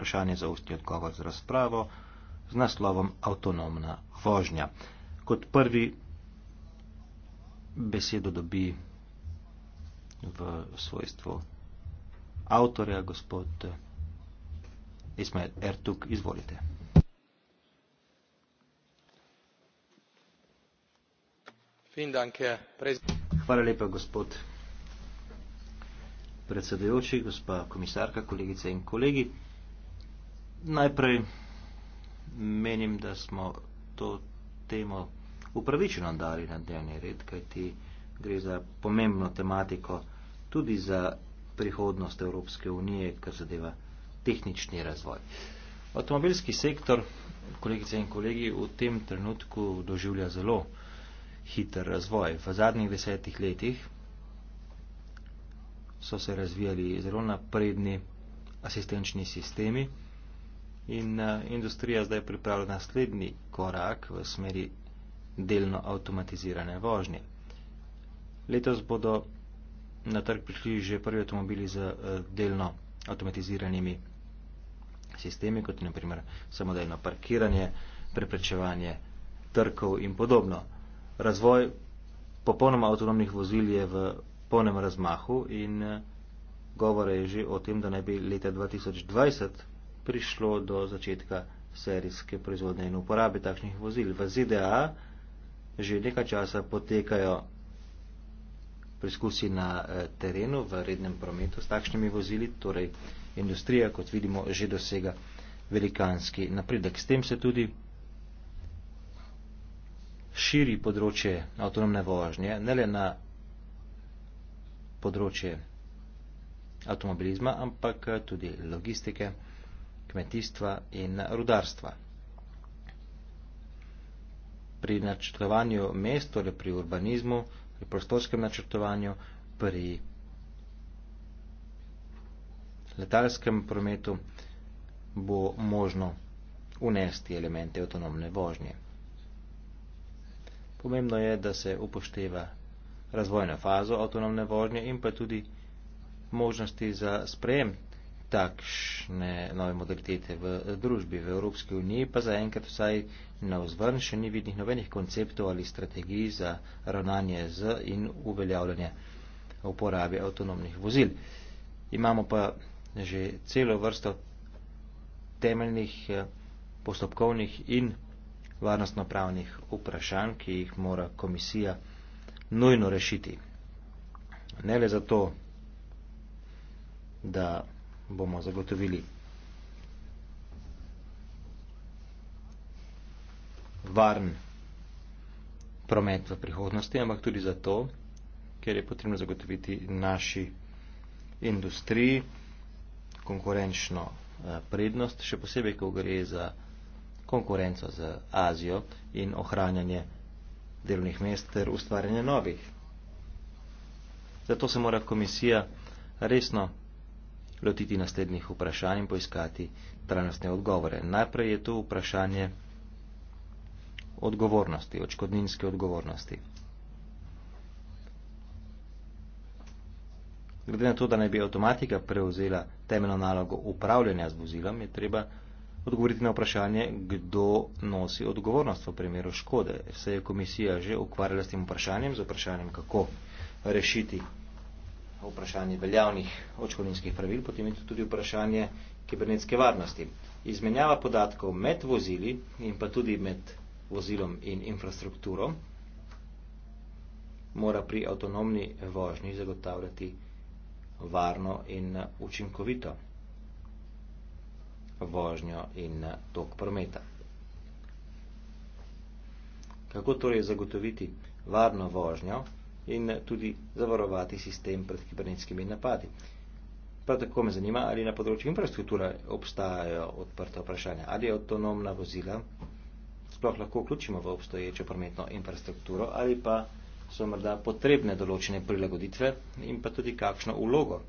vprašanje zaosti odgovor z razpravo z naslovom Avtonomna vožnja. Kot prvi besedo dobi v svojstvu avtorja, gospod Ismail Ertuk, izvolite. Hvala lepa, gospod predsedujoči, gospa komisarka, kolegice in kolegi. Najprej menim, da smo to temo upravičeno dali na dnevni red, kajti gre za pomembno tematiko tudi za prihodnost Evropske unije, kar zadeva tehnični razvoj. Avtomobilski sektor, kolegice in kolegi, v tem trenutku doživlja zelo hiter razvoj. V zadnjih desetih letih so se razvijali zelo napredni asistenčni sistemi, in uh, industrija zdaj pripravlja naslednji korak v smeri delno avtomatizirane vožnje. Letos bodo na trg prišli že prvi avtomobili z uh, delno avtomatiziranimi sistemi, kot je naprimer samodejno parkiranje, preprečevanje trkov in podobno. Razvoj popolnoma avtonomnih vozil je v polnem razmahu in eh, govore je že o tem, da naj bi leta 2020 prišlo do začetka serijske proizvodnje in uporabe takšnih vozil. V ZDA že nekaj časa potekajo preizkusi na eh, terenu v rednem prometu s takšnimi vozili, torej industrija, kot vidimo, že dosega velikanski napredek. S tem se tudi širi področje avtonomne vožnje, ne le na področje avtomobilizma, ampak eh, tudi logistike kmetijstva in rudarstva. Pri načrtovanju mest, torej pri urbanizmu, pri prostorskem načrtovanju, pri letalskem prometu bo možno unesti elemente avtonomne vožnje. Pomembno je, da se upošteva razvojna fazo avtonomne vožnje in pa tudi možnosti za sprejem takšne nove modalitete v eh, družbi, v Evropski uniji, pa zaenkrat vsaj na vzvrn še ni vidnih nobenih konceptov ali strategij za ravnanje z in uveljavljanje uporabe avtonomnih vozil. Imamo pa že celo vrsto temeljnih eh, postopkovnih in varnostno-pravnih vprašanj, ki jih mora komisija nujno rešiti. Ne le zato, da bomo zagotovili. Varn promet v prihodnosti, ampak tudi zato, ker je potrebno zagotoviti naši industriji konkurenčno eh, prednost, še posebej, ko gre za konkurenco z Azijo in ohranjanje delovnih mest ter ustvarjanje novih. Zato se mora komisija resno lotiti naslednjih vprašanj in poiskati trajnostne odgovore. Najprej je to vprašanje odgovornosti, očkodninske odgovornosti. Glede na to, da ne bi avtomatika prevzela temeljno nalogo upravljanja z vozilom, je treba odgovoriti na vprašanje, kdo nosi odgovornost v primeru škode. Se je komisija že ukvarjala s tem vprašanjem, z vprašanjem, kako rešiti vprašanje veljavnih očkodninskih pravil, potem je to tudi vprašanje kibernetske varnosti. Izmenjava podatkov med vozili in pa tudi med vozilom in infrastrukturo mora pri avtonomni vožnji zagotavljati varno in učinkovito vožnjo in tok prometa. Kako torej zagotoviti varno vožnjo in eh, tudi zavarovati sistem pred kibernetskimi napadi. Prav tako me zanima, ali na področju infrastrukture obstajajo odprta vprašanja, ali je avtonomna vozila sploh lahko vključimo v obstoječo prometno infrastrukturo ali pa so morda potrebne določene prilagoditve in pa tudi kakšno ulogo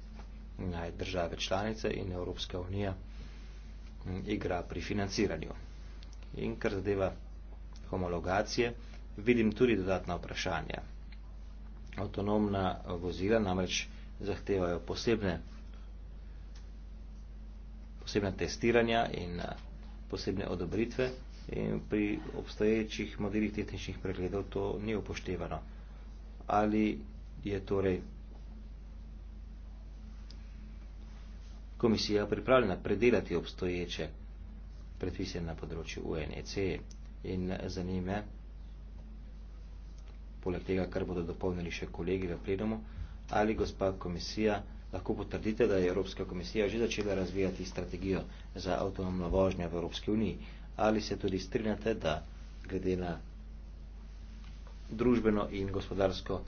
naj države članice in Evropska unija mm, igra pri financiranju. In kar zadeva homologacije, vidim tudi dodatna vprašanja avtonomna vozila namreč zahtevajo posebne posebne testiranja in eh, posebne odobritve in pri obstoječih modelih tehničnih pregledov to ni upoštevano. Ali je torej komisija pripravljena predelati obstoječe predpise na področju UNEC in zanime, poleg tega, kar bodo dopolnili še kolegi v predomu, ali gospa komisija lahko potrdite, da je Evropska komisija že začela razvijati strategijo za avtonomno vožnjo v Evropski uniji, ali se tudi strinjate, da glede na družbeno in gospodarsko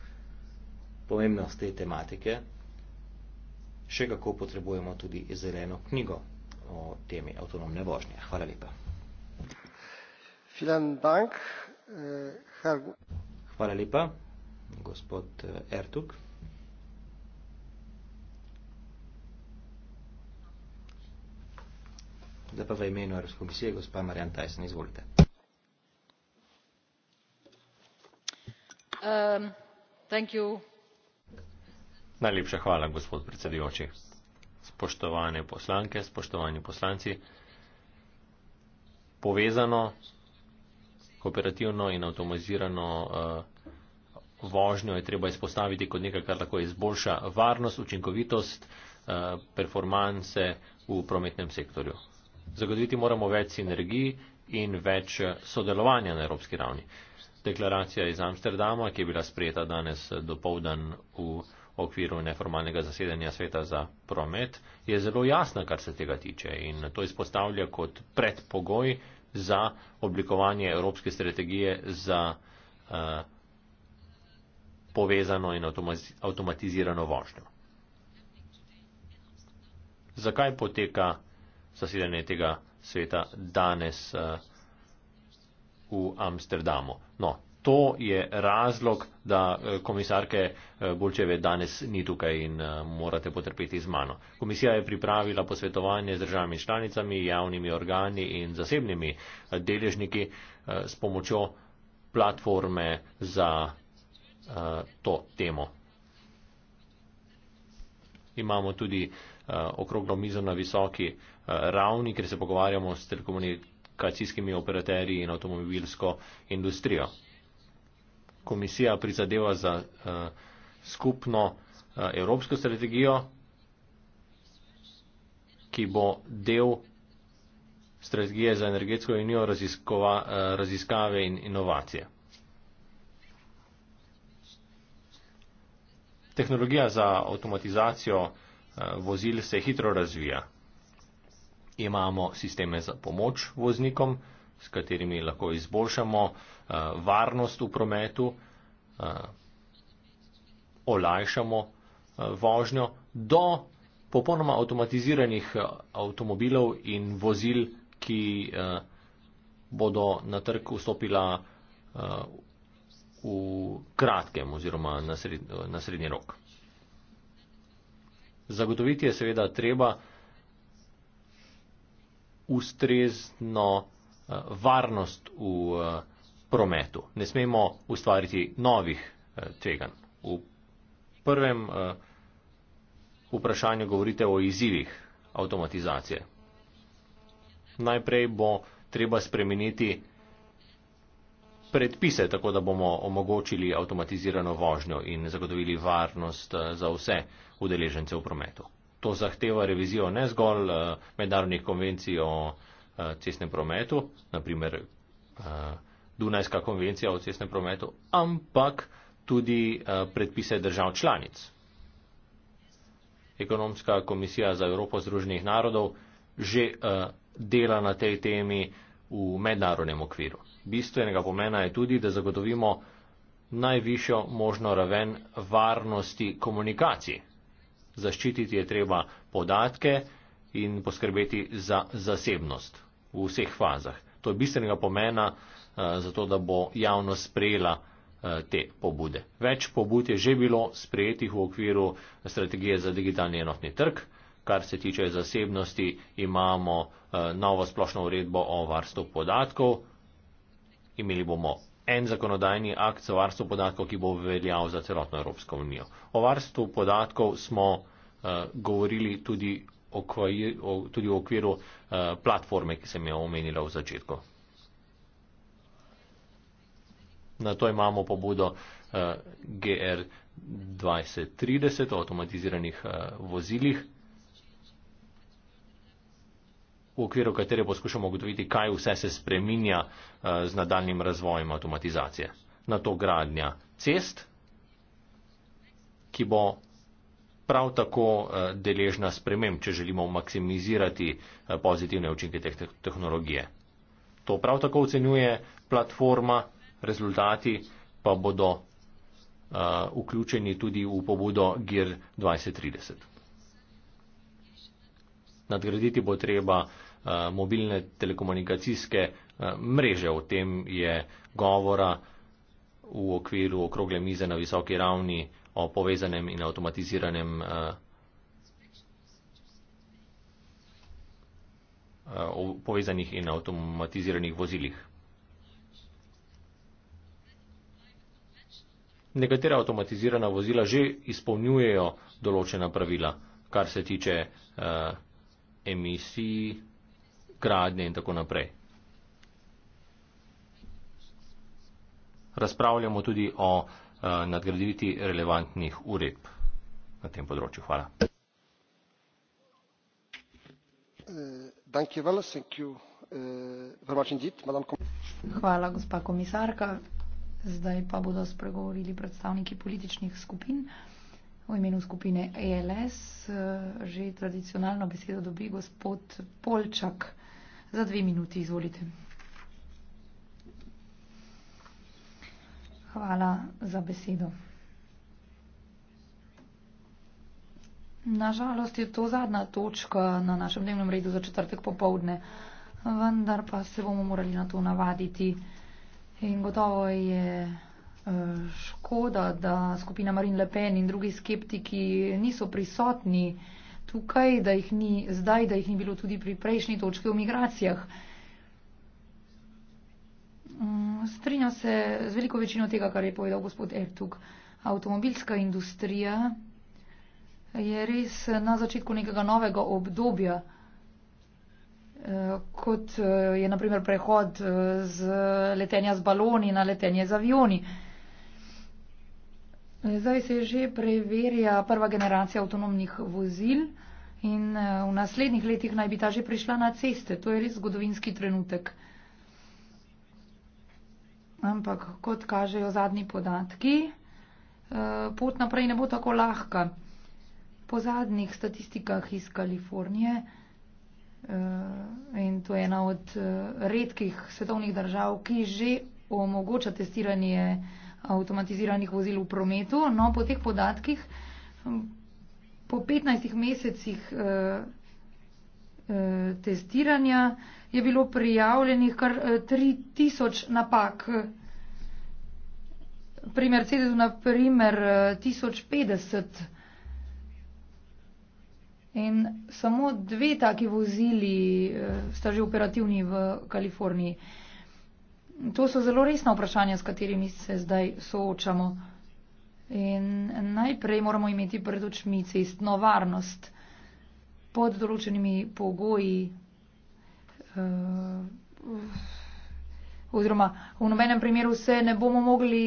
pomembnost te tematike, še kako potrebujemo tudi zeleno knjigo o temi avtonomne vožnje. Hvala lepa. Vielen Dank, eh, Herr Hvala lepa, gospod eh, Ertuk. Zdaj pa v imenu Evropske komisije, gospa Marjan Tajsen, izvolite. Um, Najlepša hvala, gospod predsedujoči. Spoštovane poslanke, spoštovani poslanci, povezano kooperativno in avtomatizirano uh, vožnjo je treba izpostaviti kot nekaj, kar lahko izboljša varnost, učinkovitost, uh, eh, performance v prometnem sektorju. Zagotoviti moramo več sinergij in več eh, sodelovanja na evropski ravni. Deklaracija iz Amsterdama, ki je bila sprejeta danes dopovdan v okviru neformalnega zasedanja sveta za promet, je zelo jasna, kar se tega tiče in to izpostavlja kot predpogoj za oblikovanje evropske strategije za eh, povezano in avtomatizirano vožnjo. Zakaj poteka zasedanje tega sveta danes eh, v Amsterdamu? No, to je razlog, da eh, komisarke eh, Bulčeve danes ni tukaj in eh, morate potrpeti z mano. Komisija je pripravila posvetovanje z državami članicami, javnimi organi in zasebnimi deležniki s pomočjo platforme za to temo. Imamo tudi uh, okroglo mizo na visoki uh, ravni, ker se pogovarjamo s telekomunikacijskimi operaterji in avtomobilsko industrijo komisija prizadeva za uh, skupno uh, evropsko strategijo, ki bo del strategije za energetsko unijo raziskova, uh, raziskave in inovacije. Tehnologija za avtomatizacijo uh, vozil se hitro razvija. Imamo sisteme za pomoč voznikom, s katerimi lahko izboljšamo uh, Eh, varnost v prometu, eh, olajšamo eh, vožnjo do popolnoma avtomatiziranih avtomobilov in vozil, ki bodo na trg vstopila v kratkem oziroma na srednji rok. Zagotoviti je seveda treba ustrezno varnost v prometu prometu. Ne smemo ustvariti novih eh, tveganj. V prvem eh, vprašanju govorite o izzivih avtomatizacije. Najprej bo treba spremeniti predpise, tako da bomo omogočili avtomatizirano vožnjo in zagotovili varnost eh, za vse udeležence v prometu. To zahteva revizijo ne zgolj mednarodnih konvencij o cestnem prometu, naprimer Dunajska konvencija o cestnem prometu, ampak tudi eh, predpise držav članic. Ekonomska komisija za Evropo Združenih narodov že eh, dela na tej temi v mednarodnem okviru. Bistvenega pomena je tudi, da zagotovimo najvišjo možno raven varnosti komunikacij. Zaščititi je treba podatke in poskrbeti za zasebnost v vseh fazah. To je bistvenega pomena, Eh, zato da bo javnost sprejela eh, te pobude. Več pobud je že bilo sprejetih v okviru strategije za digitalni enotni trg. Kar se tiče zasebnosti, imamo eh, novo splošno uredbo o varstvu podatkov. Imeli bomo en zakonodajni akt za varstvo podatkov, ki bo veljal za celotno Evropsko unijo. O varstvu podatkov smo govorili tudi v okviru platforme, ki sem jo omenila v začetku. Na to imamo pobudo eh, GR2030 o avtomatiziranih eh, vozilih, v okviru katere poskušamo ugotoviti, kaj vse se spreminja eh, z nadaljnim razvojem avtomatizacije. Na to gradnja cest, ki bo prav tako deležna sprememb, če želimo maksimizirati pozitivne učinke te tehnologije. To prav tako ocenjuje platforma rezultati pa bodo uh, vključeni tudi v pobudo GIR 2030. Nadgraditi bo treba uh, mobilne telekomunikacijske uh, mreže, o tem je govora v okviru okrogle mize na visoki ravni o povezanem in avtomatiziranem uh, uh, povezanih in avtomatiziranih vozilih. nekatera avtomatizirana vozila že izpolnjujejo določena pravila, kar se tiče uh, emisij, gradnje in tako naprej. Razpravljamo tudi o uh, eh, nadgraditi relevantnih uredb na tem področju. Hvala. Eh, Hvala, gospa komisarka. Zdaj pa bodo spregovorili predstavniki političnih skupin. V imenu skupine ALS e eh, že tradicionalno besedo dobi gospod Polčak. Za dve minuti izvolite. Hvala za besedo. Nažalost je to zadnja točka na našem dnevnem redu za četrtek popovdne, vendar pa se bomo morali na to navaditi. In gotovo je eh, škoda, da skupina Marine Le Pen in drugi skeptiki niso prisotni tukaj, da jih ni zdaj, da jih ni bilo tudi pri prejšnji točki o migracijah. Mm, strinjam se z veliko večino tega, kar je povedal gospod Ertug. Avtomobilska industrija je res na začetku nekega novega obdobja kot eh, je naprimer prehod eh, z letenja z baloni na letenje z avioni. Zdaj se že preverja prva generacija avtonomnih vozil in eh, v naslednjih letih naj bi ta že prišla na ceste. To je res zgodovinski trenutek. Ampak, kot kažejo zadnji podatki, pot naprej ne bo tako lahka. Po zadnjih statistikah iz Kalifornije to je ena od eh, redkih svetovnih držav, ki že omogoča testiranje eh, avtomatiziranih vozil v prometu. No, po teh podatkih, hm, po 15 mesecih eh, testiranja je bilo prijavljenih kar 3000 napak. Pri Mercedesu, na primer, 1050 napak. In samo dve taki vozili eh, sta že operativni v Kaliforniji. To so zelo resna vprašanja, s katerimi se zdaj soočamo. In najprej moramo imeti pred očmi cestno varnost pod določenimi pogoji eh, oziroma v nobenem primeru se ne bomo mogli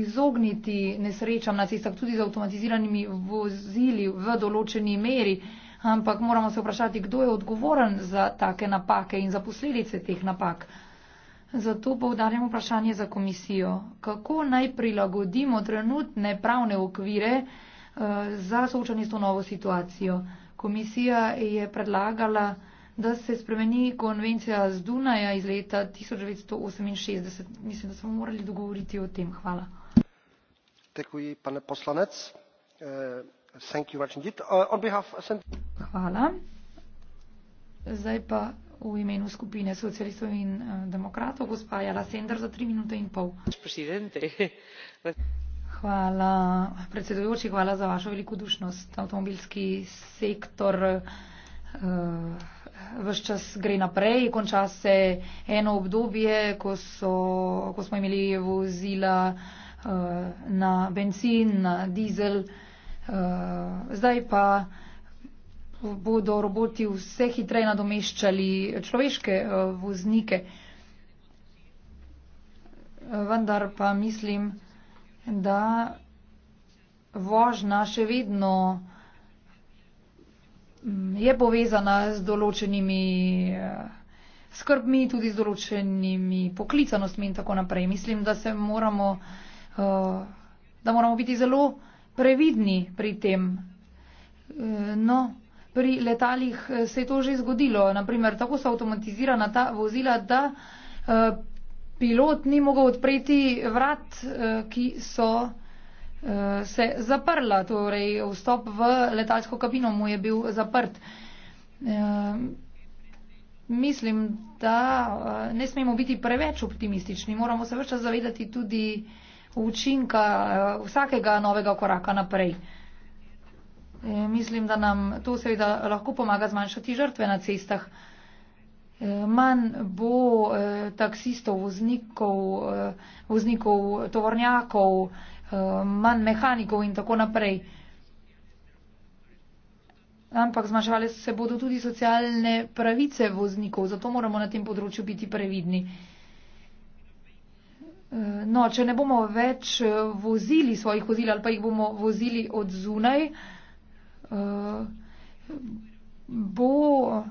izogniti nesrečam na cestah tudi z avtomatiziranimi vozili v določeni meri ampak moramo se vprašati, kdo je odgovoren za take napake in za posledice teh napak. Zato povdarjam vprašanje za komisijo, kako naj prilagodimo trenutne pravne okvire eh, za soočanje s to novo situacijo. Komisija je predlagala, da se spremeni konvencija z Dunaja iz leta 1968. Mislim, da smo morali dogovoriti o tem. Hvala. Tako je, pane poslanec. Uh, thank you, Hvala. Zdaj pa v imenu skupine socialistov in eh, demokratov, gospa Jala Sender, za tri minute in pol. Hvala, predsedujoči, hvala za vašo velikodušnost. Avtomobilski sektor uh, eh, vse čas gre naprej, konča se eno obdobje, ko, so, ko smo imeli vozila uh, na benzin, na dizel, uh, zdaj pa bodo roboti vse hitreje nadomeščali eh, človeške eh, voznike. Eh, vendar pa mislim, da vožnja še vedno mm, je povezana z določenimi skrbmi, tudi z določenimi poklicanostmi in tako naprej. Mislim, da se moramo, da moramo biti zelo previdni pri tem. No, pri letalih eh, se je to že zgodilo. Naprimer, tako so avtomatizirana ta vozila, da eh, pilot ni mogel odpreti vrat, eh, ki so se zaprla, torej vstop v letalsko kabino mu je bil zaprt. Mislim, da ne smemo biti preveč optimistični, moramo se več zavedati tudi učinka vsakega novega koraka naprej. E, mislim, da nam to seveda lahko pomaga zmanjšati žrtve na cestah. E, manj bo e, taksistov, voznikov, voznikov tovornjakov, manj mehanikov in tako naprej. Ampak zmanjševale se bodo tudi socialne pravice voznikov, zato moramo na tem področju biti previdni. No, če ne bomo več vozili svojih vozil ali pa jih bomo vozili od zunaj, bo eh,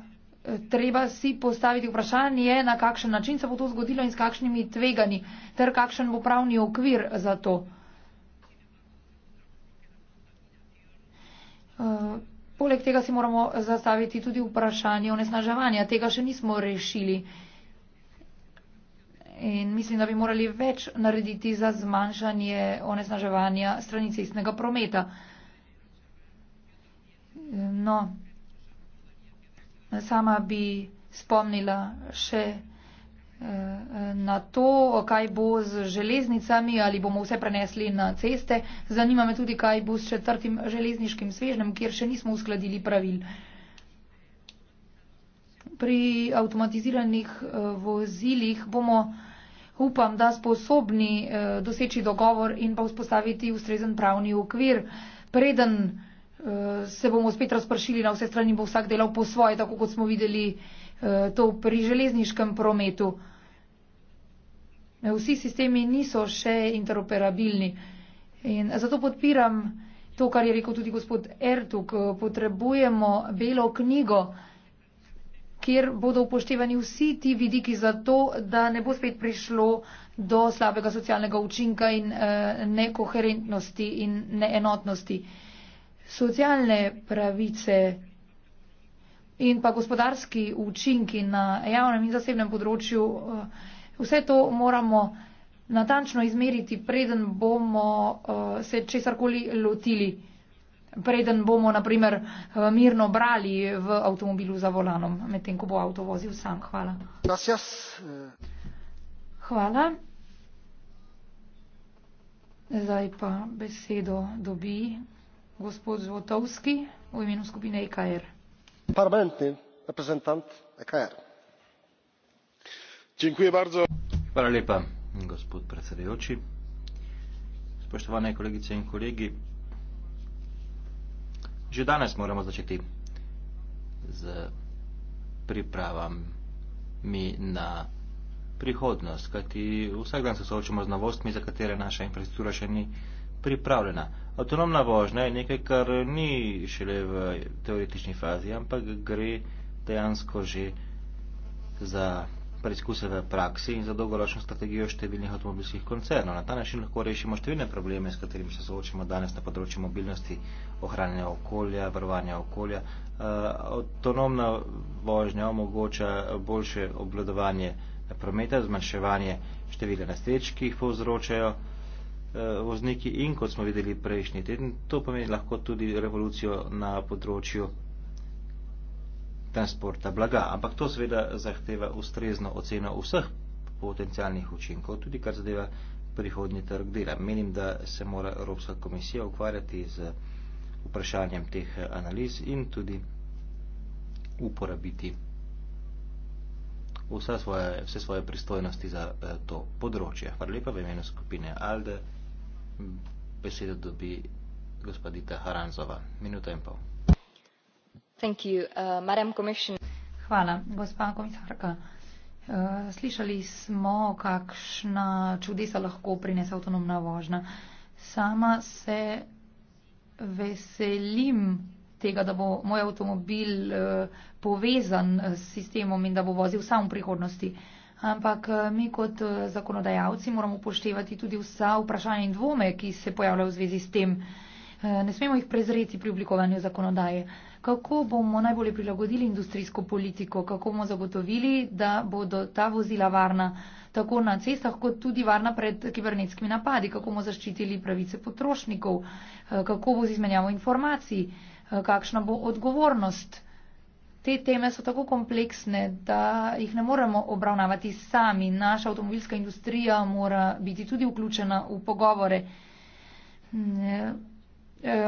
treba si postaviti vprašanje, na kakšen način se bo to zgodilo in s kakšnimi tvegani, ter kakšen bo pravni okvir za to. Eh, poleg tega si moramo zastaviti tudi vprašanje onesnaževanja. Tega še nismo rešili. In mislim, da bi morali več narediti za zmanjšanje onesnaževanja strani cestnega prometa. No, sama bi spomnila še eh, na to, kaj bo z železnicami, ali bomo vse prenesli na ceste. Zanima me tudi, kaj bo s četrtim železniškim svežnem, kjer še nismo uskladili pravil. Pri avtomatiziranih eh, vozilih bomo, upam, da sposobni eh, doseči dogovor in pa vzpostaviti ustrezen pravni okvir. Preden se bomo spet razpršili na vse strani, bo vsak delal po svoje, tako kot smo videli eh, to pri železniškem prometu. Vsi sistemi niso še interoperabilni. In zato podpiram to, kar je rekel tudi gospod Ertuk. Potrebujemo belo knjigo, kjer bodo upoštevani vsi ti vidiki za to, da ne bo spet prišlo do slabega socialnega učinka in eh, nekoherentnosti in neenotnosti socialne pravice in pa gospodarski učinki na javnem in zasebnem področju, eh, vse to moramo natančno izmeriti, preden bomo eh, se česarkoli lotili, preden bomo, naprimer, eh, mirno brali v avtomobilu za volanom, medtem ko bo avto vozil sam. Hvala. Hvala. Zdaj pa besedo dobi E e gospod predsedujoči spoštovane kolegice in kolegi že danes moramo začeti s pripravami na prihodnost kajti vsak dan se soočamo z novostmi za katere naša infrastruktura še ni pripravljena. Avtonomna vožnja je nekaj, kar ni šele v teoretični fazi, ampak gre dejansko že za preizkuse v praksi in za dolgoročno strategijo številnih avtomobilskih koncernov. Na ta način lahko rešimo številne probleme, s katerimi se soočamo danes na področju mobilnosti, ohranjanja okolja, varovanja okolja. Eh, avtonomna vožnja omogoča boljše obvladovanje prometa, zmanjševanje števila nesreč, ki jih povzročajo. Eh, vozniki in kot smo videli prejšnji teden, to pomeni lahko tudi revolucijo na področju transporta blaga. Ampak to seveda zahteva ustrezno oceno vseh potencijalnih učinkov, tudi kar zadeva prihodni trg dela. Menim, da se mora Evropska komisija ukvarjati z vprašanjem teh analiz in tudi uporabiti vse svoje, vse svoje pristojnosti za eh, to področje. Hvala lepa v imenu skupine ALDE besedo dobi gospodita Haranzova. Minuta in pol. Thank you, uh, Madam Commissioner. Hvala, gospa komisarka. Uh, slišali smo, kakšna čudesa lahko prinese avtonomna vožnja. Sama se veselim tega, da bo moj avtomobil uh, povezan s sistemom in da bo vozil sam v prihodnosti. Uh, ampak eh, mi kot eh, zakonodajalci moramo upoštevati tudi vsa vprašanja in dvome, ki se pojavljajo v zvezi s tem. Eh, ne smemo jih prezreti pri oblikovanju zakonodaje. Kako bomo najbolje prilagodili industrijsko politiko, kako bomo zagotovili, da bodo ta vozila varna tako na cestah, kot tudi varna pred kibernetskimi napadi, kako bomo zaščitili pravice potrošnikov, kako bo z izmenjavo informacij, kakšna bo odgovornost te teme so tako kompleksne, da jih ne moremo obravnavati sami. Naša avtomobilska industrija mora biti tudi vključena v pogovore. Eh,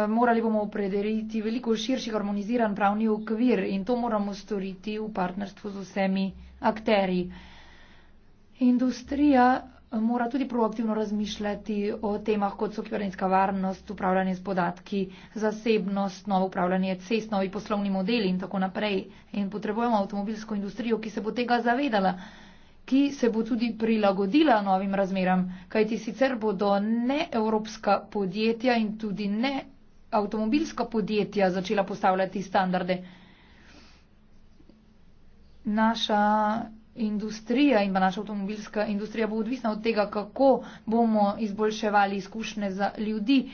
morali bomo opredeliti veliko širši harmoniziran pravni okvir in to moramo storiti v partnerstvu z vsemi akteri. Industrija mora tudi proaktivno razmišljati o temah, kot so kibernetska varnost, upravljanje s podatki, zasebnost, novo upravljanje cest, novi poslovni modeli in tako naprej. In potrebujemo avtomobilsko industrijo, ki se bo tega zavedala, ki se bo tudi prilagodila novim razmeram, kajti sicer bodo ne evropska podjetja in tudi ne avtomobilska podjetja začela postavljati standarde. Naša industrija in pa naša avtomobilska industrija bo odvisna od tega, kako bomo izboljševali izkušnje za ljudi.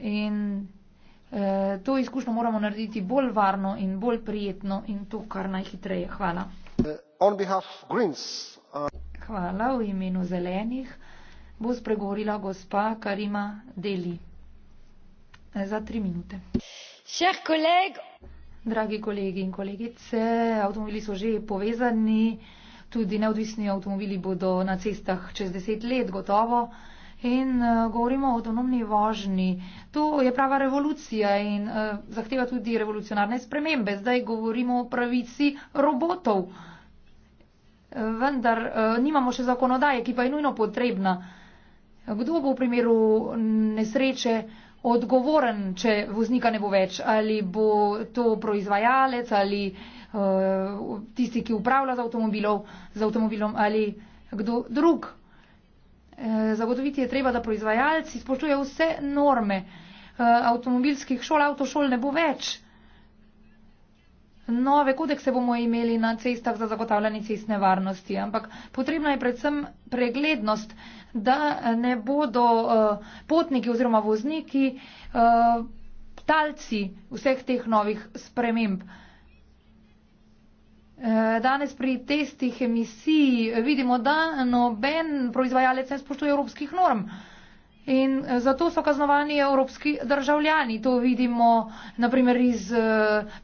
In eh, to izkušnjo moramo narediti bolj varno in bolj prijetno in to kar najhitreje. Hvala. Eh, uh, Hvala v imenu zelenih. Bo spregovorila gospa Karima Deli. Eh, za tri minute. Cher collègue, Dragi kolegi in kolegice, avtomobili so že povezani, tudi neodvisni avtomobili bodo na cestah čez deset let gotovo. In uh, govorimo o avtonomni vožnji. To je prava revolucija in uh, zahteva tudi revolucionarne spremembe. Zdaj govorimo o pravici robotov. Vendar uh, nimamo še zakonodaje, ki pa je nujno potrebna. Kdo bo v primeru nesreče uh, odgovoren, če voznika ne bo več, ali bo to proizvajalec, ali uh, tisti, ki upravlja z, z avtomobilom, ali kdo drug. Uh, zagotoviti je treba, da proizvajalci spoštuje vse norme uh, avtomobilskih šol, avtošol ne bo več. Uh, Nove kodekse bomo imeli na cestah za zagotavljanje cestne varnosti, ampak potrebna je predvsem preglednost, da ne bodo eh, potniki oziroma vozniki eh, talci vseh teh novih sprememb. Eh, danes pri testih emisij vidimo, da noben proizvajalec ne spoštuje evropskih norm. In eh, zato so kaznovani evropski državljani. To vidimo naprimer iz eh,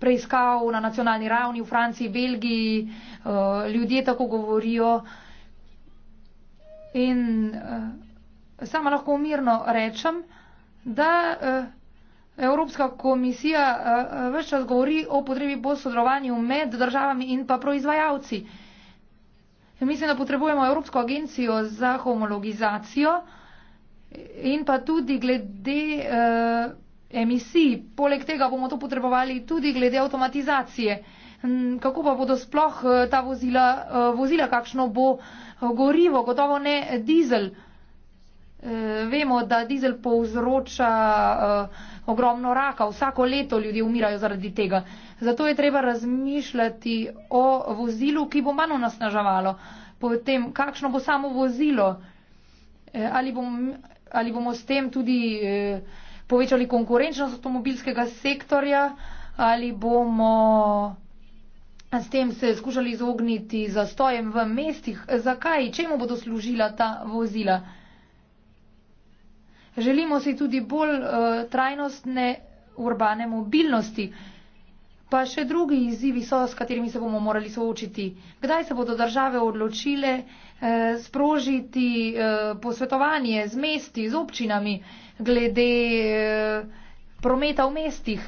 preiskav na nacionalni ravni v Franciji, Belgiji. Eh, ljudje tako govorijo. In sama lahko umirno rečem, da Evropska komisija več čas govori o potrebi po sodelovanju med državami in pa proizvajalci. Mislim, da potrebujemo Evropsko agencijo za homologizacijo in pa tudi glede uh, emisij. Poleg tega bomo to potrebovali tudi glede avtomatizacije. Hm, kako pa bodo sploh eh, ta vozila, uh, vozila kakšno bo gorivo, gotovo ne dizel. Vemo, da dizel povzroča uh, ogromno raka. Vsako leto ljudje umirajo zaradi tega. Zato je treba razmišljati o vozilu, ki bo manj onesnaževalo. Potem, kakšno bo samo vozilo? Ali bom ali bomo s tem tudi eh, povečali konkurenčnost avtomobilskega sektorja, ali bomo s tem se skušali izogniti zastojem v mestih, zakaj, čemu bodo služila ta vozila. Želimo si tudi bolj eh, trajnostne urbane mobilnosti pa še drugi izzivi so, s katerimi se bomo morali soočiti. Kdaj se bodo države odločile eh, sprožiti eh, posvetovanje z mesti, z občinami glede eh, prometa v mestih?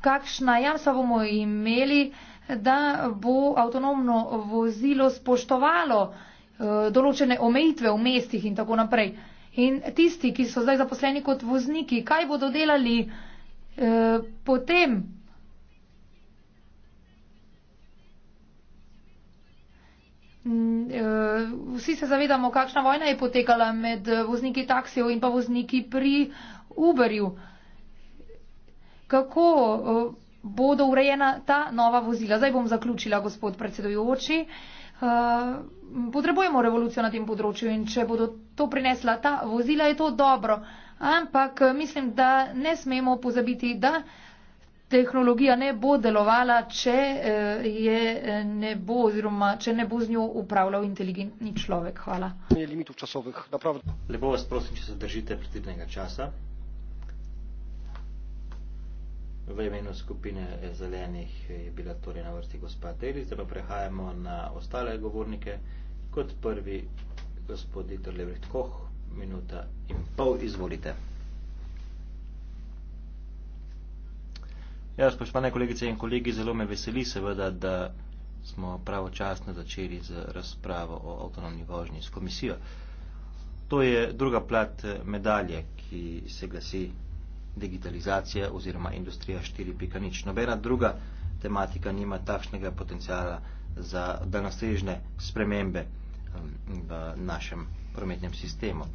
Kakšna jamstva bomo imeli, da bo avtonomno vozilo spoštovalo eh, določene omejitve v mestih in tako naprej? In tisti, ki so zdaj zaposleni kot vozniki, kaj bodo delali eh, potem? Mm, eh, vsi se zavedamo, kakšna vojna je potekala med eh, vozniki taksijev in pa vozniki pri Uberju. Kako eh, bodo urejena ta nova vozila? Zdaj bom zaključila, gospod predsedujoči. Potrebujemo revolucijo na tem področju in če bodo to prinesla ta vozila, je to dobro. Ampak mislim, da ne smemo pozabiti, da tehnologija ne bo delovala, če, eh, je, eh, ne bo, oziroma, če ne bo z njo upravljal inteligentni človek. Hvala. Lepo vas prosim, če se držite predvidenega časa. V imenu skupine eh, zelenih je bila torej na vrsti gospa Teri, zdaj pa prehajamo na ostale govornike. Kot prvi gospod Dieter Lebrecht Koch, minuta in pol, izvolite. Ja, spoštovane kolegice in kolegi, zelo me veseli seveda, da smo pravočasno začeli z razpravo o avtonomni vožnji s komisijo. To je druga plat eh, medalje, ki se glasi digitalizacija oziroma industrija 4.0. Nobena druga tematika nima takšnega potencijala za daljnosežne spremembe v našem prometnem sistemu.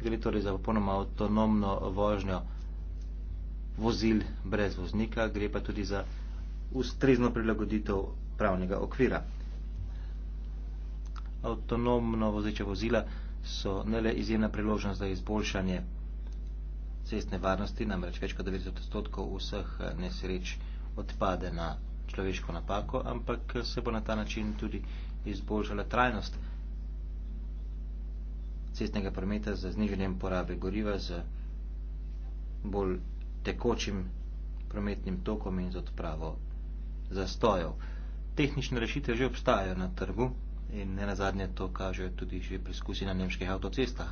Gre torej za popolnoma avtonomno vožnjo vozil brez voznika, gre pa tudi za ustrezno prilagoditev pravnega okvira. Avtonomno vozeče vozila so ne le izjemna priložnost za izboljšanje cestne varnosti, namreč več kot 90 odstotkov vseh eh, nesreč odpade na človeško napako, ampak eh, se bo na ta način tudi izboljšala trajnost cestnega prometa z zniženjem porabe goriva, z bolj tekočim prometnim tokom in z odpravo zastojev. Tehnične rešitve že obstajajo na trgu in ne nazadnje to kažejo tudi že preizkusi na nemških avtocestah,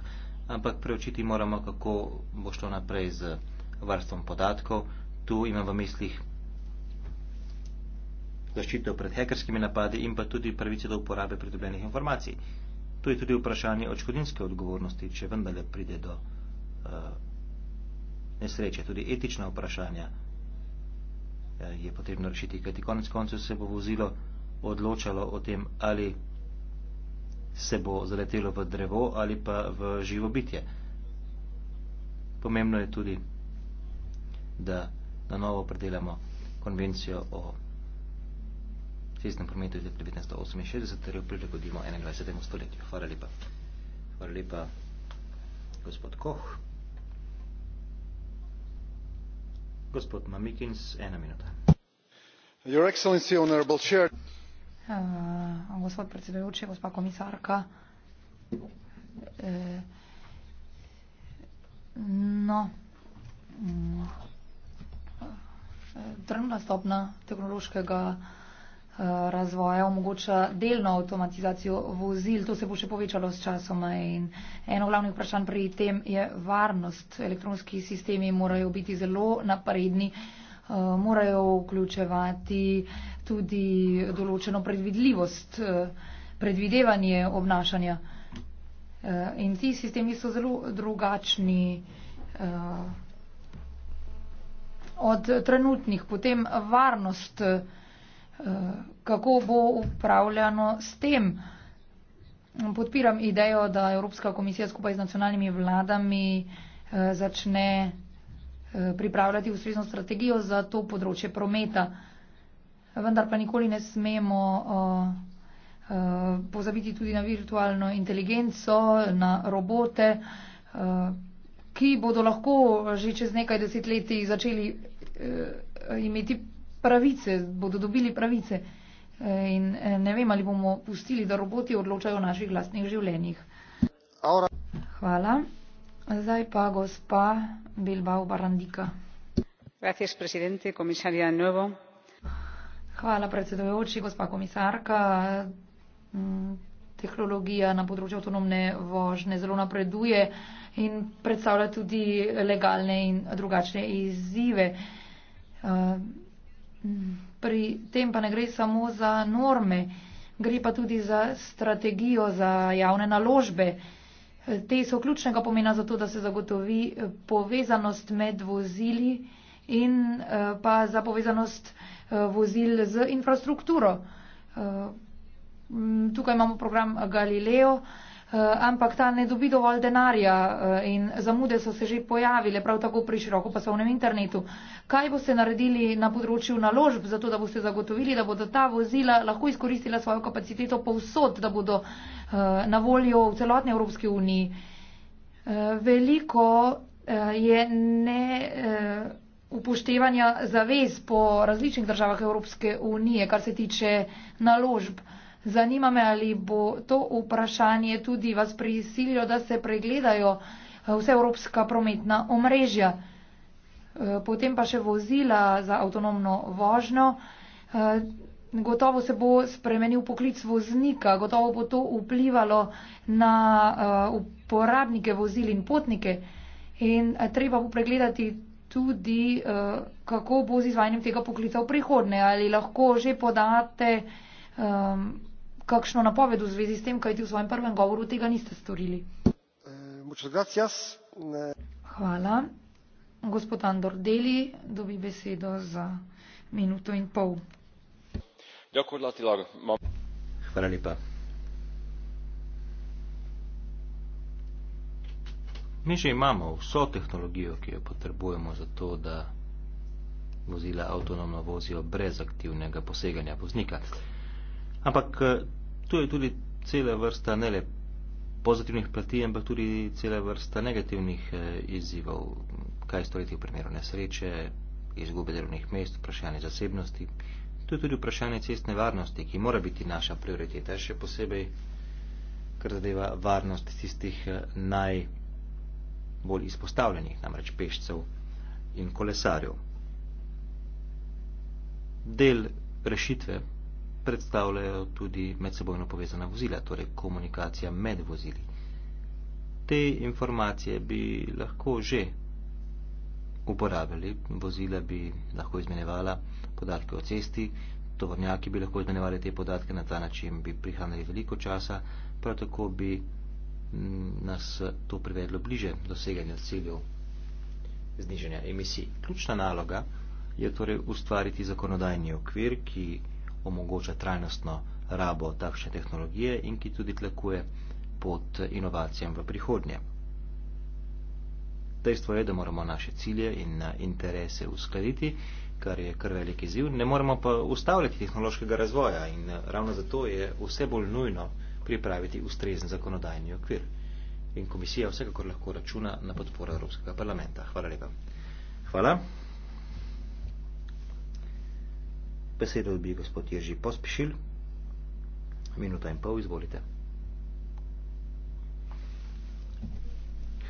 ampak preučiti moramo, kako bo šlo naprej z varstvom podatkov. Tu imam v mislih zaščito pred hekerskimi napadi in pa tudi pravice do uporabe pridobljenih informacij. Tu je tudi vprašanje odškodinske odgovornosti, če vendarle pride do uh, nesreče, tudi etična vprašanja eh, je potrebno rešiti, kajti konec koncev se bo vozilo odločalo o tem, ali se bo zaletelo v drevo ali pa v živo bitje. Pomembno je tudi, da na novo predelamo konvencijo o cestnem prometu iz 1968, ter jo prilagodimo 21. stoletju. Hvala lepa. Hvala lepa, gospod Koh. gospod Mamikins, ena minuta. Eh, gospod predsedujoči, gospa komisarka, eh, no, mm, eh, trenutna stopna tehnološkega Eh, razvoja omogoča delno avtomatizacijo vozil. To se bo še povečalo s časom in eno glavnih vprašanj pri tem je varnost. Elektronski sistemi morajo biti zelo napredni, eh, morajo vključevati tudi določeno predvidljivost, eh, predvidevanje obnašanja. In ti sistemi so zelo drugačni od trenutnih. Potem varnost kako bo upravljano s tem. Podpiram idejo, da Evropska komisija skupaj z nacionalnimi vladami eh, začne eh, pripravljati ustrezno strategijo za to področje prometa. Vendar pa nikoli ne smemo eh, pozabiti tudi na virtualno inteligenco, na robote, ki bodo lahko že čez nekaj desetletij začeli imeti pravice, bodo dobili pravice. Eh, in eh, ne vem, ali bomo pustili, da roboti odločajo o naših vlastnih življenjih. Hvala. Zdaj pa gospa Bilbao Barandika. Hvala, predsedujoči, gospa komisarka. Mm, tehnologija na področju avtonomne vožnje zelo napreduje in predstavlja tudi legalne in drugačne izzive. Eh, Pri tem pa ne gre samo za norme, gre pa tudi za strategijo za javne naložbe. Te so ključnega pomena za to, da se zagotovi eh, povezanost med vozili in eh, pa za povezanost eh, vozil z infrastrukturo. Tukaj imamo program Galileo, Eh, ampak ta ne dobi dovolj denarja eh, in zamude so se že pojavile, prav tako pri širokopasovnem internetu. Kaj boste naredili na področju naložb, zato da boste zagotovili, da bodo ta vozila lahko izkoristila svojo kapaciteto povsod, da bodo eh, na voljo v celotni Evropski uniji? Veliko je ne upoštevanja zavez po različnih državah Evropske unije, kar se tiče naložb. Zanima me, ali bo to vprašanje tudi vas prisililo, da se pregledajo eh, vse evropska prometna omrežja. Eh, potem pa še vozila za avtonomno vožnjo. Eh, gotovo se bo spremenil poklic voznika, gotovo bo to vplivalo na uporabnike vozil in potnike. In treba bo pregledati tudi, kako bo z izvajanjem tega poklica v prihodne. Ali lahko že podate kakšno napoved v zvezi s tem, kajti v svojem prvem govoru tega niste storili. Hvala. Gospod Andor Deli dobi besedo za minuto in pol. Hvala lepa. Mi že imamo vso tehnologijo, ki jo potrebujemo za to, da vozila avtonomno vozijo brez aktivnega poseganja voznika. Ampak eh, tu je tudi cele vrsta ne le pozitivnih plati, ampak tudi cele vrsta negativnih eh, izzivov. Kaj storiti v primeru nesreče, izgube delovnih mest, vprašanje zasebnosti. To je tudi vprašanje cestne varnosti, ki mora biti naša prioriteta, še posebej, kar zadeva varnost tistih eh, najbolj izpostavljenih, namreč pešcev in kolesarjev. Del rešitve predstavljajo tudi medsebojno povezana vozila, torej komunikacija med vozili. Te informacije bi lahko že uporabili, vozila bi lahko izmenjevala podatke o cesti, tovornjaki bi lahko izmenjevali te podatke, na ta način bi prihranili veliko časa, prav tako bi mm, nas to privedlo bliže doseganja ciljev znižanja emisij. Ključna naloga je torej ustvariti zakonodajni okvir, ki omogoča trajnostno rabo takšne tehnologije in ki tudi tlakuje pot inovacijam v prihodnje. Dejstvo je, da moramo naše cilje in eh, interese uskladiti, kar je kar velik izziv. Ne moremo pa ustavljati tehnološkega razvoja in eh, ravno zato je vse bolj nujno pripraviti ustrezen zakonodajni okvir. In komisija vsekakor lahko računa na podporo Evropskega parlamenta. Hvala lepa. Hvala. Besedo dobi gospod Jerži Pospišil. Minuta in pol, izvolite.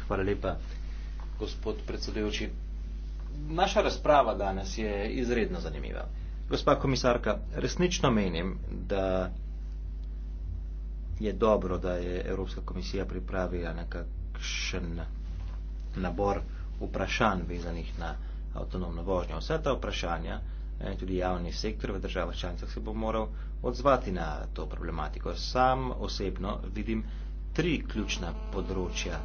Hvala lepa, gospod predsedujoči. Naša razprava danes je izredno zanimiva. Gospa komisarka, resnično menim, da je dobro, da je Evropska komisija pripravila nekakšen nabor vprašanj vezanih na avtonomno vožnjo. Vsa ta vprašanja, Eh, tudi javni sektor v državah članicah se bo moral odzvati na to problematiko. Sam osebno vidim tri ključna področja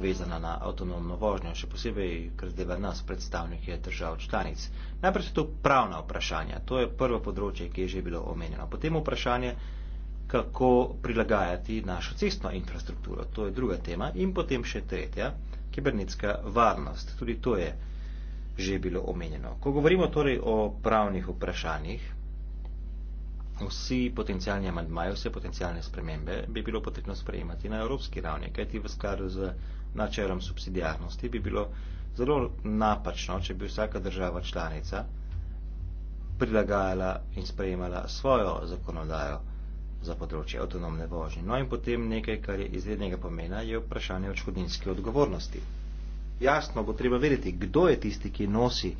vezana na avtonomno vožnjo, še posebej, ker zdaj nas predstavnike držav članic. Najprej so to pravna vprašanja, to je prvo področje, ki je že bilo omenjeno. Potem vprašanje, kako prilagajati našo cestno infrastrukturo, to je druga tema. In potem še tretja, kibernetska varnost. Tudi to je že bilo omenjeno. Ko govorimo torej o pravnih vprašanjih, vsi potencijalni amandmaji, vse potencijalne spremembe bi bilo potrebno sprejemati na evropski ravni, kajti v skladu z načelom subsidijarnosti bi bilo zelo napačno, če bi vsaka država članica prilagajala in sprejemala svojo zakonodajo za področje avtonomne vožnje. No in potem nekaj, kar je izrednega pomena, je vprašanje očkodninske odgovornosti jasno bo treba vedeti, kdo je tisti, ki nosi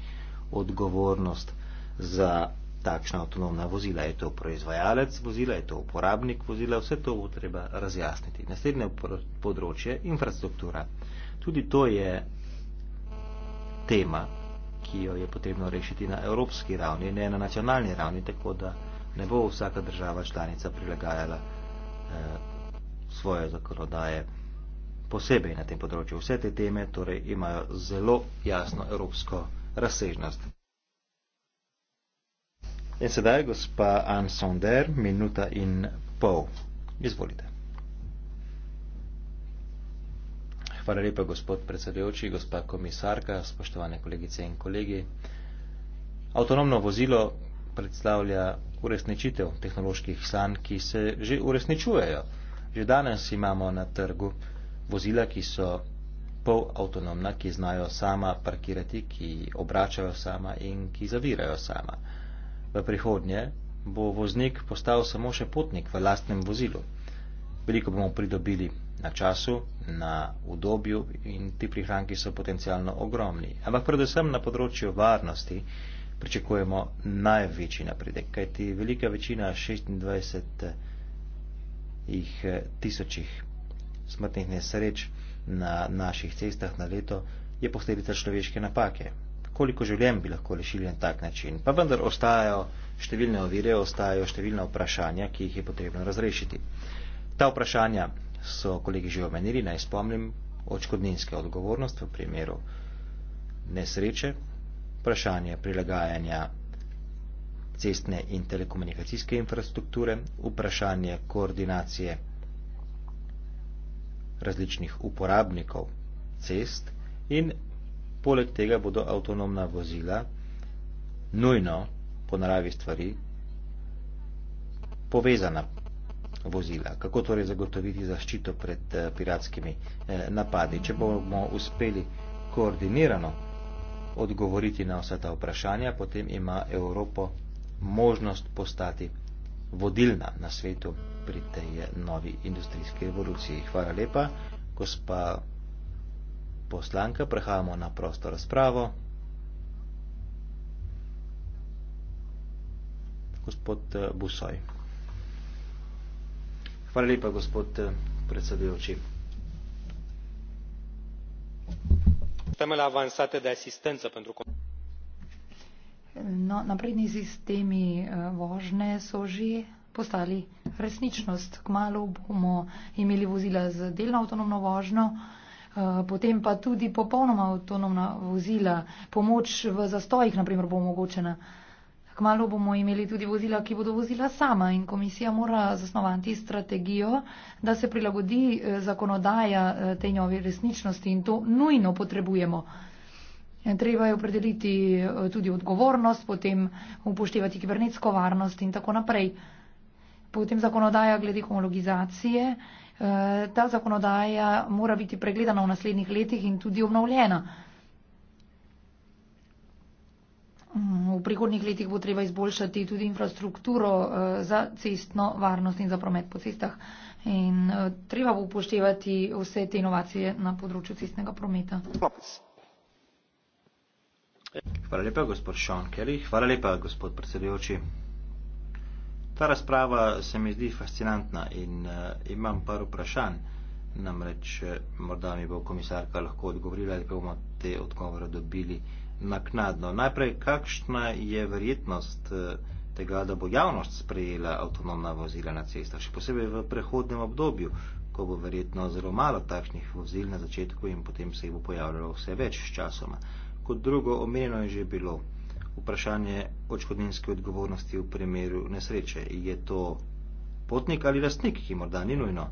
odgovornost za takšna avtonomna vozila. Je to proizvajalec vozila, je to uporabnik vozila, vse to bo treba razjasniti. Naslednje področje, infrastruktura. Tudi to je tema, ki jo je potrebno rešiti na evropski ravni, ne na nacionalni ravni, tako da ne bo vsaka država članica prilagajala eh, svoje zakonodaje posebej na tem področju. Vse te teme torej imajo zelo jasno evropsko razsežnost. In sedaj, gospa Anne Sonder, minuta in pol. Izvolite. Hvala lepa, gospod predsedujoči, gospa komisarka, spoštovane kolegice in kolegi. Avtonomno vozilo predstavlja uresničitev tehnoloških sanj, ki se že uresničujejo. Že danes imamo na trgu vozila, ki so pol avtonomna, ki znajo sama parkirati, ki obračajo sama in ki zavirajo sama. V prihodnje bo voznik postal samo še potnik v lastnem vozilu. Veliko bomo pridobili na času, na udobju in ti prihranki so potencialno ogromni. Ampak predvsem na področju varnosti pričakujemo največji napredek, kajti velika večina 26 tisočih smrtnih nesreč na naših cestah na leto je posledica človeške napake. Koliko življenj bi lahko rešili na tak način? Pa vendar ostajajo številne ovire, ostajajo številne vprašanja, ki jih je potrebno razrešiti. Ta vprašanja so kolegi že omenili, naj spomnim, očkodninske odgovornost v primeru nesreče, vprašanje prilagajanja cestne in telekomunikacijske infrastrukture, vprašanje koordinacije različnih uporabnikov cest in poleg tega bodo avtonomna vozila nujno po naravi stvari povezana vozila. Kako torej zagotoviti zaščito pred eh, piratskimi eh, napadi? Če bomo uspeli koordinirano odgovoriti na vsa ta vprašanja, potem ima Evropo možnost postati vodilna na svetu pri tej novi industrijski revoluciji. Hvala lepa, gospa poslanka, prehajamo na prosto razpravo. Gospod eh, Busoj. Hvala lepa, gospod eh, predsedujoči. Stamela avansate de asistență pentru No, napredni sistemi eh, vožnje so že postali resničnost. Kmalo bomo imeli vozila z delno avtonomno vožnjo, eh, potem pa tudi popolnoma avtonomna vozila. Pomoč v zastojih, naprimer, bo omogočena. Kmalo bomo imeli tudi vozila, ki bodo vozila sama in komisija mora zasnovati strategijo, da se prilagodi eh, zakonodaja tej novi resničnosti in to nujno potrebujemo. Eh, treba je opredeliti eh, tudi odgovornost, potem upoštevati kibernetsko varnost in tako naprej. Potem zakonodaja glede homologizacije. Eh, ta zakonodaja mora biti pregledana v naslednjih letih in tudi obnovljena. V prihodnih letih bo treba izboljšati tudi infrastrukturo za cestno varnost in za promet po cestah. In treba bo upoštevati vse te inovacije na področju cestnega prometa. Klopis. Hvala lepa, gospod Sean Kelly. Hvala lepa, gospod predsedujoči. Ta razprava se mi zdi fascinantna in uh, imam par vprašanj. Namreč eh, morda mi bo komisarka lahko odgovorila, da bomo te odgovore dobili naknadno. Najprej, kakšna je verjetnost eh, tega, da bo javnost sprejela avtonomna vozila na cestah, še posebej v prehodnem obdobju, ko bo verjetno zelo malo takšnih vozil na začetku in potem se jih bo pojavljalo vse več s časoma. Uh, kot drugo omenjeno je že bilo vprašanje očkodninske odgovornosti v primeru nesreče. Je to potnik ali lastnik, ki morda ni nujno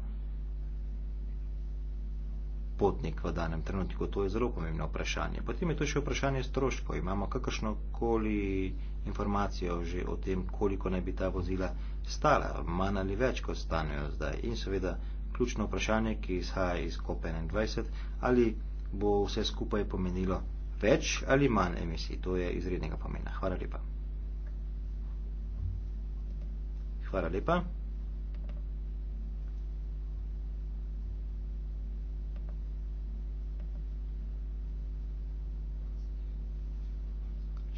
potnik v danem trenutku, to je zelo pomembno vprašanje. Potem je to še vprašanje stroškov. Imamo kakršno koli informacijo že o tem, koliko naj bi ta vozila stala, manj ali več, kot stanejo zdaj. In seveda ključno vprašanje, ki izhaja iz COP21, ali bo vse skupaj pomenilo več ali manj emisij. To je izrednega pomena. Hvala lepa. Hvala lepa.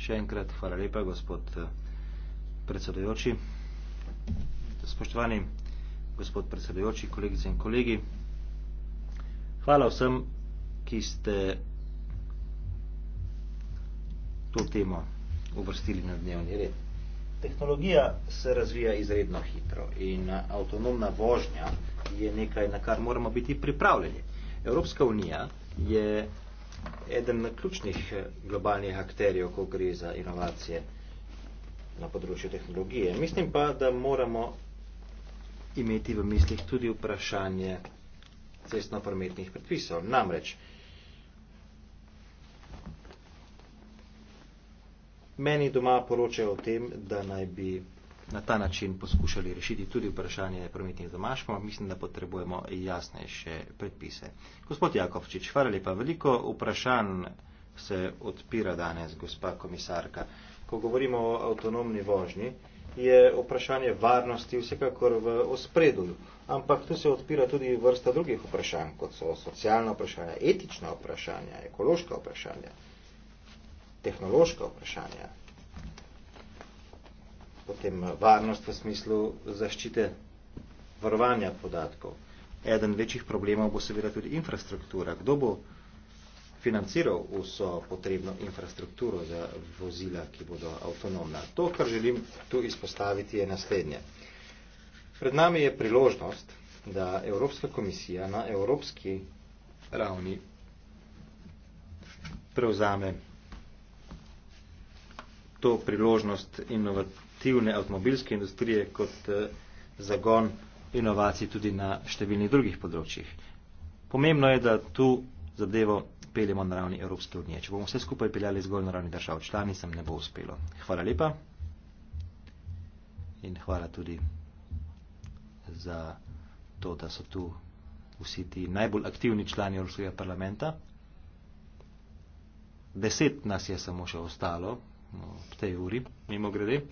Še enkrat hvala lepa, gospod predsedujoči. Spoštovani gospod predsedujoči, kolegice in kolegi. Hvala vsem, ki ste to temo uvrstili na dnevni red. Tehnologija se razvija izredno hitro in eh, avtonomna vožnja je nekaj, na kar moramo biti pripravljeni. Evropska unija je eden ključnih eh, globalnih akterjev, ko gre za inovacije na področju tehnologije. Mislim pa, da moramo imeti v mislih tudi vprašanje cestno-prometnih predpisov. Namreč, Meni doma poročajo o tem, da naj bi na ta način poskušali rešiti tudi vprašanje prometnih domaškov, mislim, da potrebujemo jasnejše predpise. Gospod Jakovčič, hvala lepa. Veliko vprašanj se odpira danes, gospa komisarka. Ko govorimo o avtonomni vožnji, je vprašanje varnosti vsekakor v ospredu, ampak tu se odpira tudi vrsta drugih vprašanj, kot so socialna vprašanja, etična vprašanja, ekološka vprašanja tehnološka vprašanja, potem eh, varnost v smislu zaščite varovanja podatkov. Eden večjih problemov bo seveda tudi infrastruktura. Kdo bo financiral vso potrebno infrastrukturo za vozila, ki bodo avtonomna? To, kar želim tu izpostaviti, je naslednje. Pred nami je priložnost, da Evropska komisija na evropski ravni prevzame to priložnost inovativne avtomobilske industrije kot eh, zagon inovacij tudi na številnih drugih področjih. Pomembno je, da tu zadevo peljemo na ravni Evropske unije. Če bomo vse skupaj peljali zgolj na ravni držav člani, sem ne bo uspelo. Hvala lepa in hvala tudi za to, da so tu vsi ti najbolj aktivni člani Evropskega parlamenta. Deset nas je samo še ostalo, No, ob tej uri, mimo grede.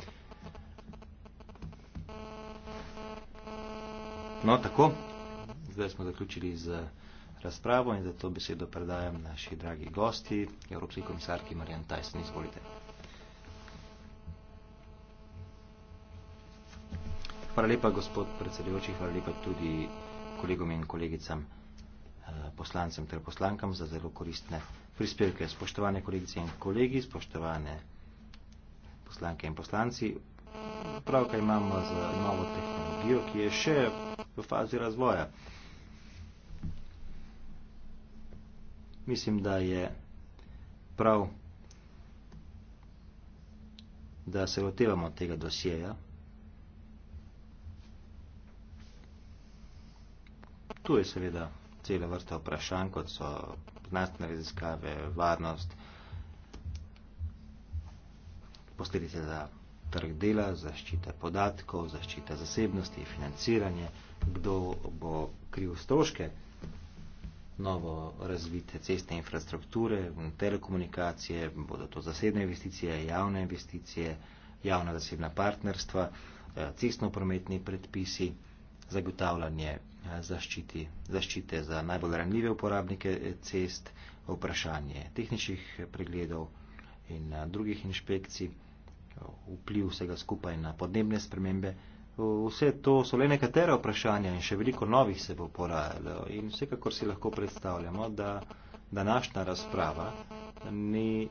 No, tako, zdaj smo zaključili z razpravo in zato besedo predajam naši dragi gosti, Evropski komisarki Marjan Tyson, izvolite. Hvala lepa, gospod predsedujoči, hvala lepa tudi kolegom in kolegicam eh, poslancem ter poslankam za zelo koristne prispevke. Spoštovane kolegice in kolegi, spoštovane poslanke in poslanci, pravkaj imamo z novo tehnologijo, ki je še v fazi razvoja. Mislim, da je prav, da se lotevamo tega dosjeja. Tu je seveda cela vrsta vprašanj, kot so znanstvene raziskave, varnost, posledice za trg dela, zaščite podatkov, zaščite zasebnosti, financiranje, kdo bo kriv stroške novo razvite cestne infrastrukture, telekomunikacije, bodo to zasebne investicije, javne investicije, javna zasebna partnerstva, eh, cestno-prometni predpisi, zagotavljanje eh, zaščiti, zaščite za najbolj ranljive uporabnike eh, cest, vprašanje tehničnih pregledov in drugih inšpekcij vpliv vsega skupaj na podnebne spremembe. Vse to so le nekatera vprašanja in še veliko novih se bo porajalo. In vsekakor si lahko predstavljamo, da današnja razprava ni.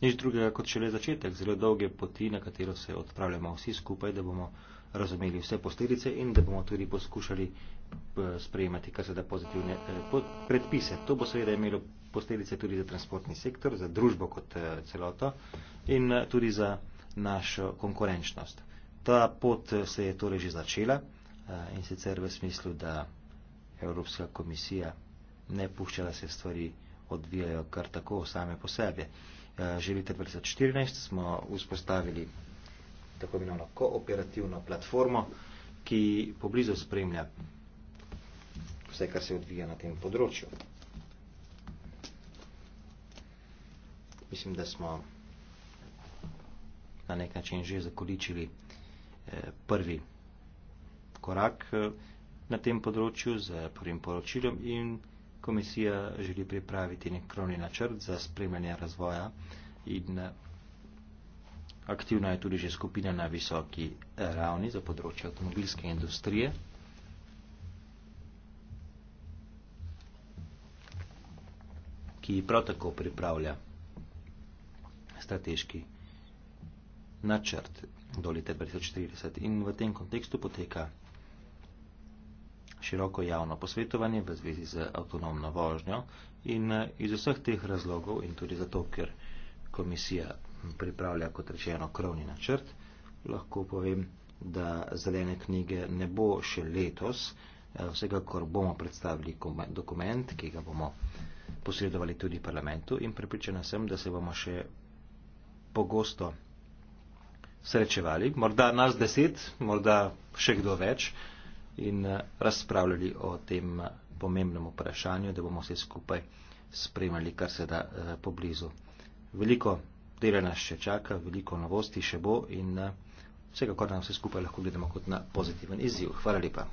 Nič drugega kot šele začetek zelo dolge poti, na katero se odpravljamo vsi skupaj, da bomo razumeli vse posledice in da bomo tudi poskušali eh, sprejemati kar se da pozitivne eh, predpise. To bo seveda imelo posledice tudi za transportni sektor, za družbo kot eh, celoto in eh, tudi za našo konkurenčnost. Ta pot eh, se je torej že začela in sicer v smislu, da Evropska komisija ne pušča, da se stvari odvijajo kar tako same po sebi. Že leta 2014 smo vzpostavili tako imenovano kooperativno platformo, ki poblizu spremlja vse, kar se odvija na tem področju. mislim, da smo na nek način že zakoličili eh, prvi korak eh, na tem področju z prvim poročilom in komisija želi pripraviti nek krovni načrt za spremljanje razvoja in eh, aktivna je tudi že skupina na visoki ravni za področje avtomobilske industrije. ki prav tako pripravlja strateški načrt do leta 2040. In v tem kontekstu poteka široko javno posvetovanje v zvezi z avtonomno vožnjo in eh, iz vseh teh razlogov in tudi zato, ker komisija pripravlja kot rečeno krovni načrt, lahko povem, da zelene knjige ne bo še letos, eh, vsega, kar bomo predstavili dokument, ki ga bomo posredovali tudi parlamentu in pripričana sem, da se bomo še pogosto srečevali, morda nas deset, morda še kdo več in eh, razpravljali o tem eh, pomembnem vprašanju, da bomo vse skupaj spremljali, kar se da eh, poblizu. Veliko dela nas še čaka, veliko novosti še bo in vsekakor nam vse skupaj lahko gledamo kot na pozitiven izziv. Hvala lepa.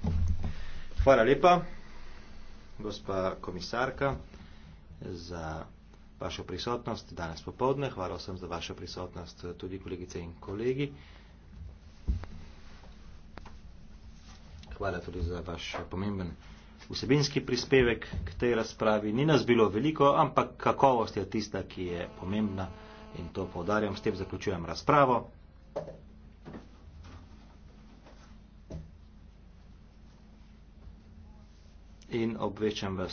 Hvala lepa, gospa komisarka, za vašo prisotnost danes popovdne. Hvala vsem za vašo prisotnost eh, tudi kolegice in kolegi. Hvala tudi za vaš eh, pomemben vsebinski prispevek k tej razpravi. Ni nas bilo veliko, ampak kakovost je tista, ki je pomembna in to povdarjam. S tem zaključujem razpravo. In obvečam vas.